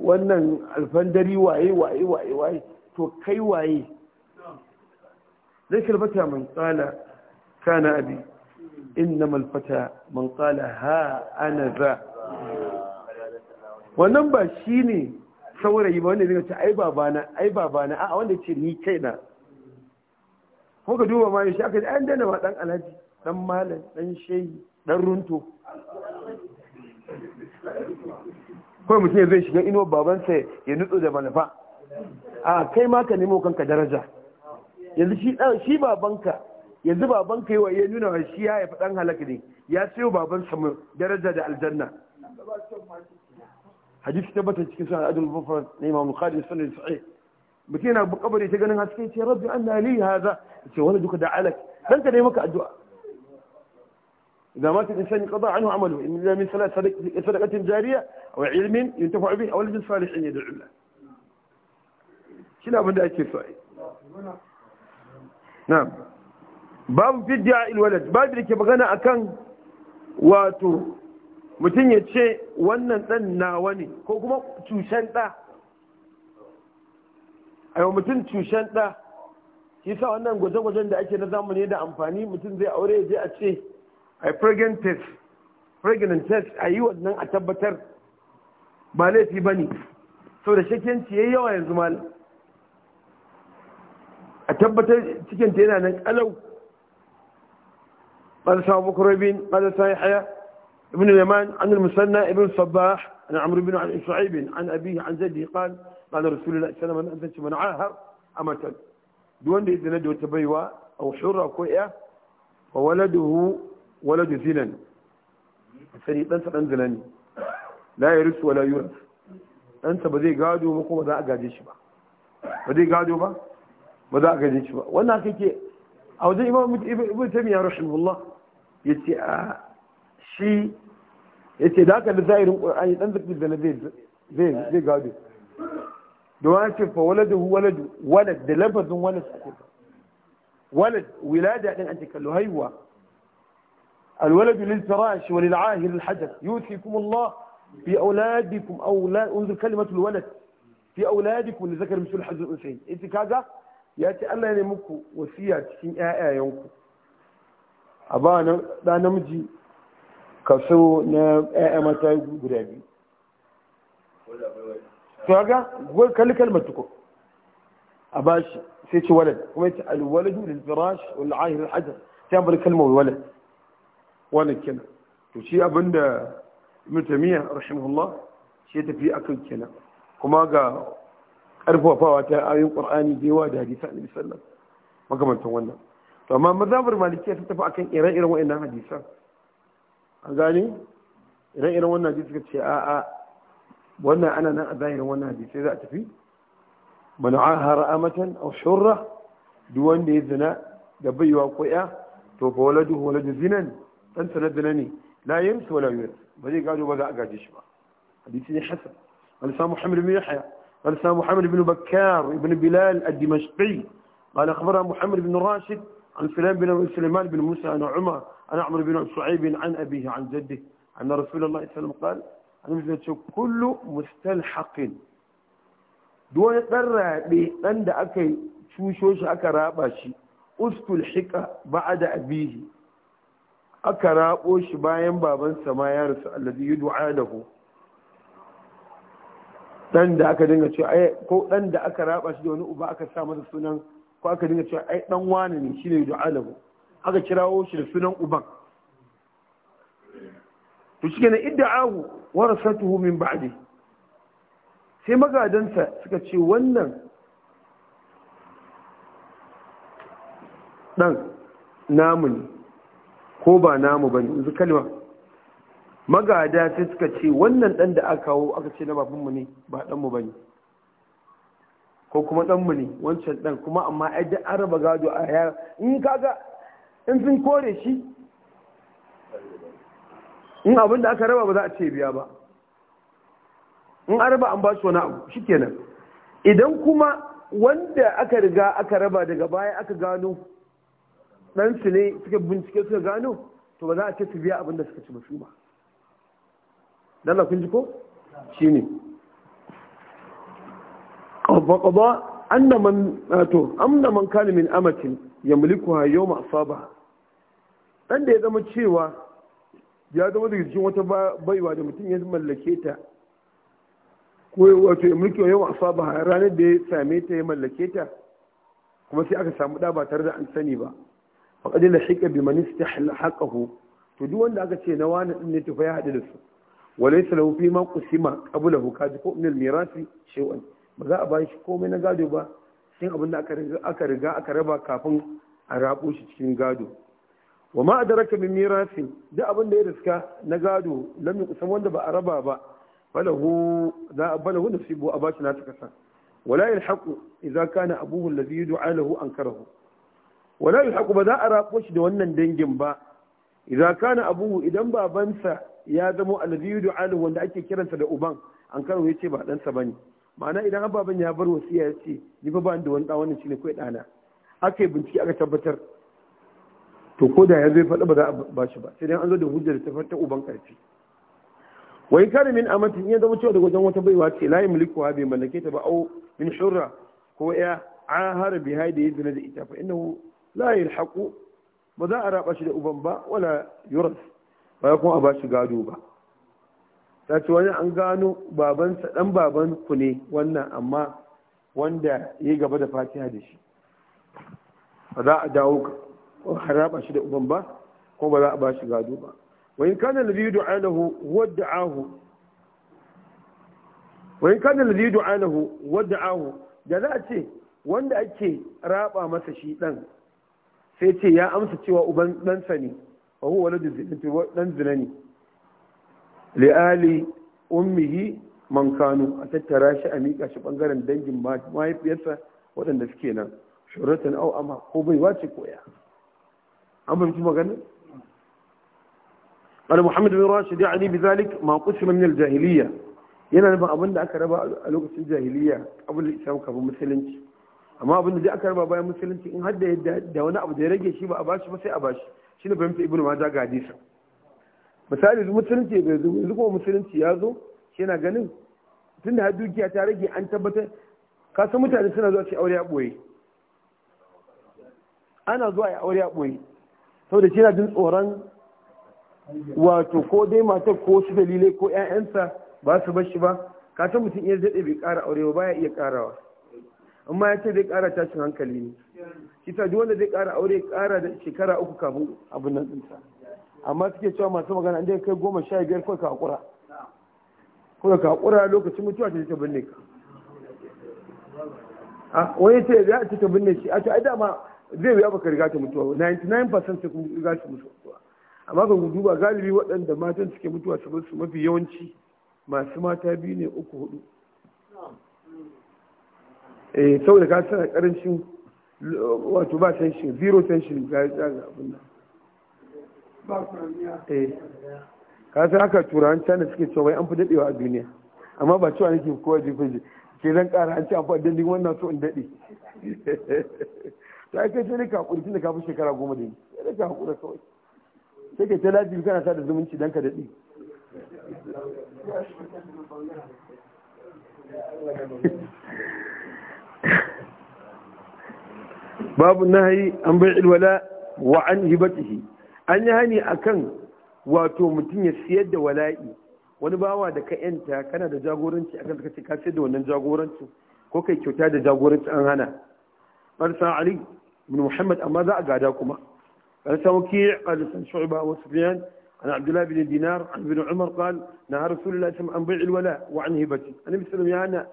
wannan alfandari waye waye waye waye to kai waye ذكر الفتى من قال كان أبي إنما الفتى من قال ها أنا ذا wannan ba shi ne saurayi ba wanda zai ce ai babana ai babana a wanda ce ni kaina ko ka duba ma shi aka ji an dana ma dan alhaji dan malam dan shehi dan runto ko mutum zai shiga ino babansa ya nutso da manufa a kai ma ka nemo kanka daraja yanzu shi dan shi babanka yanzu babanka yawa ya nuna shi ya haifi dan halaka ne ya sayo babansa mu daraja da aljanna حديث ثبت في سنة أدم الظفر الإمام الخارج السنة الصحيح بكينا بقبر يتقن الناس كيس يا ربي أنا لي هذا يسي ولدك دعا لك لن تدعي مكة الدعاء إذا مات الإنسان يقضى عنه عمله إذا من سرقة صدقة جارية أو علم ينتفع به أو لجن صالح يدعو له شنو أبدا أكي صحيح نعم باب في الدعاء الولد باب لك بغنى أكان واتو mutum ya ce wannan ɗan nawa ne ko kuma cushen ɗa a yau mutum cushen ɗa shi sa wannan gwaje-gwajen da ake na zamani da amfani mutum zai aure ya je a ce a pregnant test a yi wannan a tabbatar ba laifi ba ne sau da shakenci ya yi yawa yanzu mal a tabbatar cikinta yana nan kalau ɓarsa ba ɓarsa ya haya ابن اليمان عن المثنى ابن الصباح عن عمرو بن شعيب عن أبيه عن جده قال قال رسول الله صلى الله عليه وسلم من عاهر أمة دون إذن دو تبيوى أو حرة كوئة وولده ولد زنا فريقا سأنزلني لا يرث ولا يورث أنت بذي قادو مقوم ذا أقاديش با بذي قادو با بذا أقاديش با وانا كيكي أو ذي إمام ابن تيمية رحمه الله يتي shi يعني انت ذاك da haka da zahirin ƙwar'ani زين zafi da na zai gado ولد wani ce fa waladu الولد للفراش وللعاهر الحجر يوصيكم الله في أولادكم أولاد انظر كلمة الولد في أولادكم لذكر مثل الحجر الأنثيين أنت كذا يأتي الله يلمكم وسيا تشين آية ينكو أبانا لا نمجي kaso na ɗaya mata guda biyu to ga gwai kalli matuko a ba shi sai ce walad kuma yace al waladu lil firash wani ahir ajar hajar sai bar kalmar walad wani kina to shi abinda ibn tamiya rahimahullah shi tafi akan kina kuma ga ƙarfafawa ta ayin qur'ani da da hadisa a sallallahu alaihi makamantan wannan to amma mazabar malikiya ta tafi akan ire-iren wa'annan hadisan an gane idan irin wannan hadisi suka ce a'a wannan ana nan a zahirin wannan hadisi za a tafi man ahara amatan a shurra duk wanda ya zina da baiwa ko ya to fa waladu waladu zinan dan sanar zina ne la yamsu wala yurs ba zai gado ba za a gaje shi ba hadisi ne hasan قال سام bin بن يحيى قال سام محمد بن بكار بن بلال الدمشقي قال أخبرنا محمد بن راشد عن سليم بن سليمان بن موسى عن عمر عن عمرو بن شعيب عن أبيه عن جده أن رسول الله صلى الله عليه وسلم قال أنا كل مستلحق دون ترى بأن أكي شوشوش أكراباشي أستلحق بعد أبيه أكرابوش باين بابا سما يارس الذي يدعى له dan da aka dinga ce ko dan da aka raba shi da wani uba aka sa masa sunan ko aka dinga cewa ai dan wani ne shine du'alahu aka kirawo shi da sunan uban to shi kenan idda'ahu warasatuhu min ba'di sai magadansa suka ce wannan dan namu ne ko ba namu bane yanzu kalma magada sai suka ce wannan dan da aka kawo aka ce na babanmu ne ba danmu bane ko kuma ɗanmu ne wancan ɗan kuma amma ai an raba gado a yara in kaga in sun kore shi in abin da aka raba ba za a ce biya ba in an raba an ba shi wani abu shi kenan idan kuma wanda aka riga aka raba daga baya aka gano ɗansu ne suka bincike suka gano to ba za a ce su biya abin da suka ci ba su ba. Dalla kun ji ko? Shi ne. فقضى أن من تو أمن من كان من أمة يملكها يوم أصابها dan da ya zama cewa ya zama daga cikin wata baiwa da mutum ya mallake ta ko wato ya mulki yawan asaba ranar da ya same ta ya mallake ta kuma sai aka samu da tare da an sani ba faqad la hika bi man ta haqqahu to duk wanda aka ce na wani din ne tufa ya haɗu da su walaysa lahu fi ma qusima qablahu kaji ko min al mirasi shay'un ba za a ba shi komai na gado ba cikin abin da aka riga aka raba kafin a rabo shi cikin gado wa ma adraka min mirasin duk abin da ya riska na gado lamin kusan wanda ba a raba ba balahu za a balahu nasibu a bashi na ta kasa wala yalhaqu idza kana abuhu alladhi yud'a lahu ankarahu wala yalhaqu ba za a rabo shi da wannan dangin ba idza kana abuhu idan babansa ya zamo alladhi yud'a lahu wanda ake kiransa da uban ankarahu yace ba dan sa bane ma'ana idan ababen ya bar wasiya ya ce ni ba da wani ɗan wannan ne kai ɗana aka yi bincike aka tabbatar to ko da ya zo faɗa ba za a ba shi ba sai dai an zo da hujjar ta fata uban ƙarfi wai kare min amatin iya zama cewa da wajen wata baiwa ce Layi yamliku wa bai mallake ta ba au min shurra ko ya hara bi haida yadda na da ita fa innahu la yalhaqu ba za a raba shi da uban ba wala yuras ba kuma a ba shi gado ba ta ce wani an gano babansa dan baban ku ne wannan amma wanda ya gaba da fatiha da shi ba za a dawo haraba shi da uban ba ko ba za a ba shi gado ba wani lalidu nabi wadda ahu wani lalidu nabi wadda ahu da za a ce wanda ake raba masa shi dan sai ce ya amsa cewa uban ɗansa ne ba huwa wani zinatu dan zina ne li'ali ummihi man kanu a tattara shi a miƙa shi ɓangaren dangin mahaifiyarsa waɗanda suke nan shuratan au amma ko bai wace koya an fahimci magana قال محمد بن bi يعني ma ما min al jahiliya? yana nufin abin da aka raba a lokacin jahiliya abin da islam kafin musulunci amma abin da aka raba bayan musulunci in hadda da wani abu da ya rage shi ba a bashi ba sai a bashi shine fahimta ibnu majah ga hadisa misali musulunci bai zo yanzu kuma musulunci ya zo shi yana ganin tun da dukiya ta rage an tabbatar kasu mutane suna zuwa ce aure a ɓoye ana zuwa ya aure a ɓoye saboda shi yana jin tsoron wato ko dai matar ko su dalilai ko 'ya'yansa ba su bar shi ba kasu mutum iya daɗe bai ƙara aure ba ya iya ƙarawa amma ya ce zai ƙara tashin hankali ne shi ta duk wanda zai ƙara aure ƙara da shekara uku kafin abin nan ɗinsa amma suke cewa masu magana an dai kai goma sha biyar kawai ka kura kawai ka hakura lokacin mutuwa ta ta binne ka a ah, wani ce za a ta binne shi a to ai ma zai biya baka riga ta mutuwa 99% sun kuma riga ta mutuwa amma ka duba galibi waɗanda matan suke mutuwa su su mafi yawanci masu mata biyu ne uku hudu eh saboda ka sanar karancin wato ba tension zero tension ga abin nan Eh. ka san aka tura an cana suke cewa an fi dadewa a duniya amma ba cewa nake kowa jefe je ke zan kara an ce an faɗi dandin wannan so in dade [LAUGHS] ta kai sai ne ka hakuri tun da ka fi shekara goma da ni sai ka hakura kawai sai ka ta lafi kana sa da zumunci dan ka dade babu nahi an bai wala wa an hibatihi an yi hani a kan wato mutum ya siyar da wala'i wani bawa da ka yanta kana da jagoranci akan ka ce ka siyar da wannan jagoranci ko kai kyauta da jagoranci an hana marsa ali bin muhammad amma za a gada kuma marsa waki alisan shu'ba wa sufyan عن عبد الله بن دينار عن ابن عمر قال نهى رسول الله صلى الله عليه وسلم عن بيع الولاء وعن هبته النبي صلى الله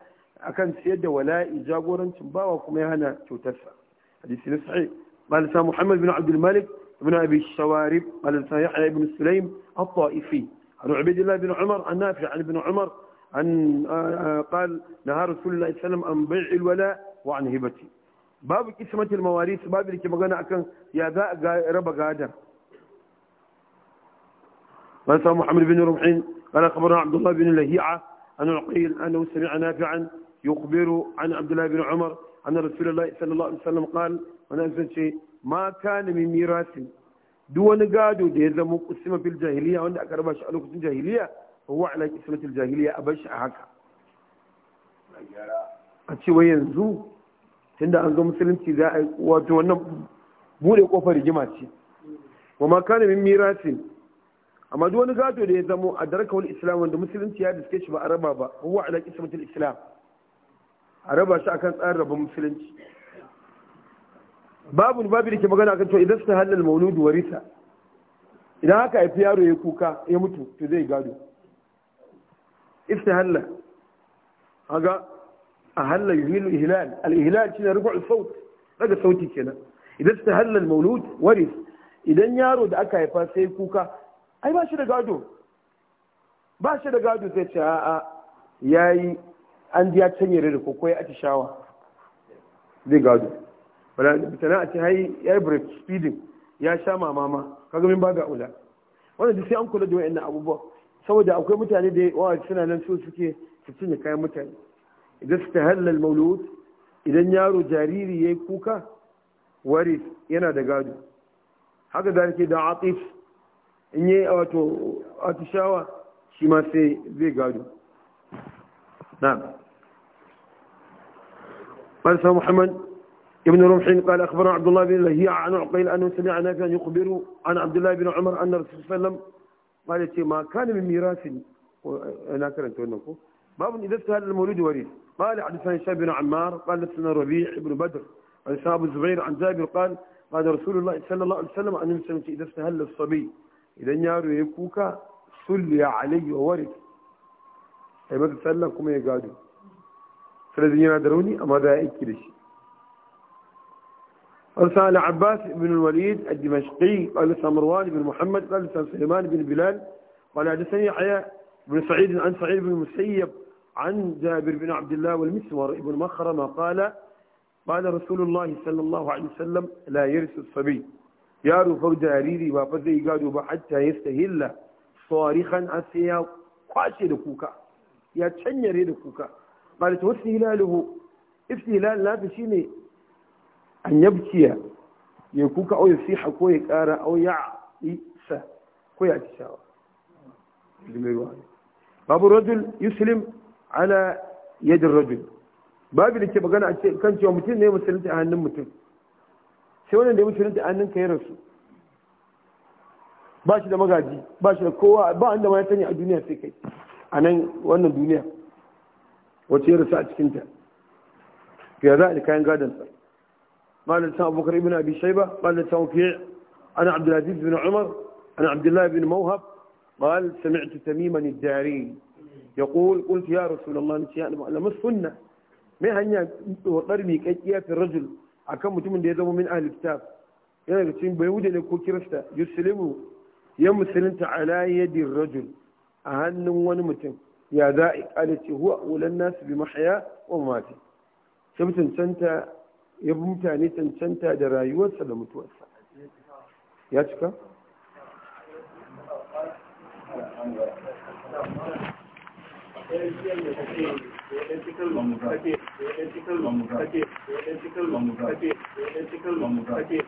akan siyar da wala'i jagorancin bawa kuma ya hana kyautarsa. hadisi na sahih قال سام محمد بن عبد الملك ابن أبي الشوارب قال يحيى بن سليم الطائفي عن عبيد الله بن عمر عن نافع عن ابن عمر عن آه، آه، قال نهى رسول الله صلى الله عليه وسلم عن بيع الولاء وعن هبته باب قسمة المواريث باب اللي ke magana akan ya za a قال محمد بن رمحين قال أخبرنا عبد الله بن لهيعة أن عقيل أنه سمع نافعا يخبر عن عبد الله بن عمر أن رسول الله صلى الله عليه وسلم قال أنا أنزل شيء ma kana min mirasin duk wani gado da ya zama kusima fil jahiliya wanda aka raba shi a lokacin jahiliya wa ala kismatil jahiliya a bar shi a haka a cewa yanzu tunda an zo musulunci za a yi wato wannan bude kofar rigima ce wa ma kana min mirasin amma duk wani gado da ya zamo a darka wani islam wanda musulunci ya diske shi ba a raba ba wa ala kismatil islam a raba shi akan tsarin rabon musulunci babu babu da ke magana akan cewa idan su halal mauludu warisa idan haka haifi yaro ya kuka ya mutu to zai gado halla haga ahalla yuhilu ihlal al ihilal shine rufu saut daga sauti kenan idan istihalla al maulud waris idan yaro da aka haifa sai kuka ai ba shi da gado ba shi da gado sai ce a'a yayi an ji ya canye da kokoi a tishawa zai gado wala bitana a ce ya speeding ya sha mamama kaga min baga ula wannan duk sai an kula da wayannan abubuwa saboda akwai mutane da wa suna nan so suke su cinye kayan mutane idan su tahallal maulud idan yaro jariri yayi kuka waris yana da gado haka da ke da atif in yi wato atishawa shi ma sai zai gado na'am قال muhammad. ابن رمح قال أخبرنا عبد الله بن لهيع عن عقيل أنه سمع نافعا يخبر عن عبد الله بن عمر أن الرسول صلى الله عليه وسلم قال ما كان من ميراث أنا كرنت ونكو باب إذا استهل المولود وريث قال حدثنا هشام بن عمار قال لسنا ربيع بن بدر عن شاب الزبير عن جابر قال قال رسول الله صلى الله عليه وسلم أن سمعت إذا استهل الصبي إذا يارو يكوكا سلي علي وورث أي ما تتسلى يا يقادوا فلذين ينادروني أما ذا أكيد شيء قال عباس بن الوليد الدمشقي قال مروان بن محمد قال سليمان بن بلال قال حدثني يحيى بن سعيد عن سعيد بن المسيب عن جابر بن عبد الله والمسور بن مخرمة قال قال رسول الله صلى الله عليه وسلم لا يرث الصبي يا fau jariri وفزي fa zai يستهل صارخا hatta ya stahilla يا an sai ya kwace da kuka ya canyare da an yabkiya ya kuka au ya siha ko ya ƙara au ya isa ko ya atishawa babu rajul yuslim ala yadin rajul babu da ke magana a kan cewa mutum ne musulunta a hannun mutum sai wannan da ya musulunta a hannun ka ya rasu ba shi da magaji ba shi da kowa ba inda ma ya sani a duniya sai kai a nan wannan duniya wacce ya rasu a cikinta ga za a kayan gadonsa قال لسان أبو بكر ابن أبي شيبة قال لسان وكيع أنا عبد العزيز بن عمر أنا عبد الله بن موهب قال سمعت تميما الداري يقول قلت يا رسول الله نسيان أنا ما السنة ما هنيا وقرمي في الرجل أكم متمن دي من أهل الكتاب يعني قلت بيودي لكو كرفتا يسلموا أنت على يد الرجل أهن ونمتن يا ذائق قالت هو أولى الناس بمحيا وماتي سبت سنت ya bi mutane cancanta da rayuwarsa da mutuwarsa ya cika? Ya cika.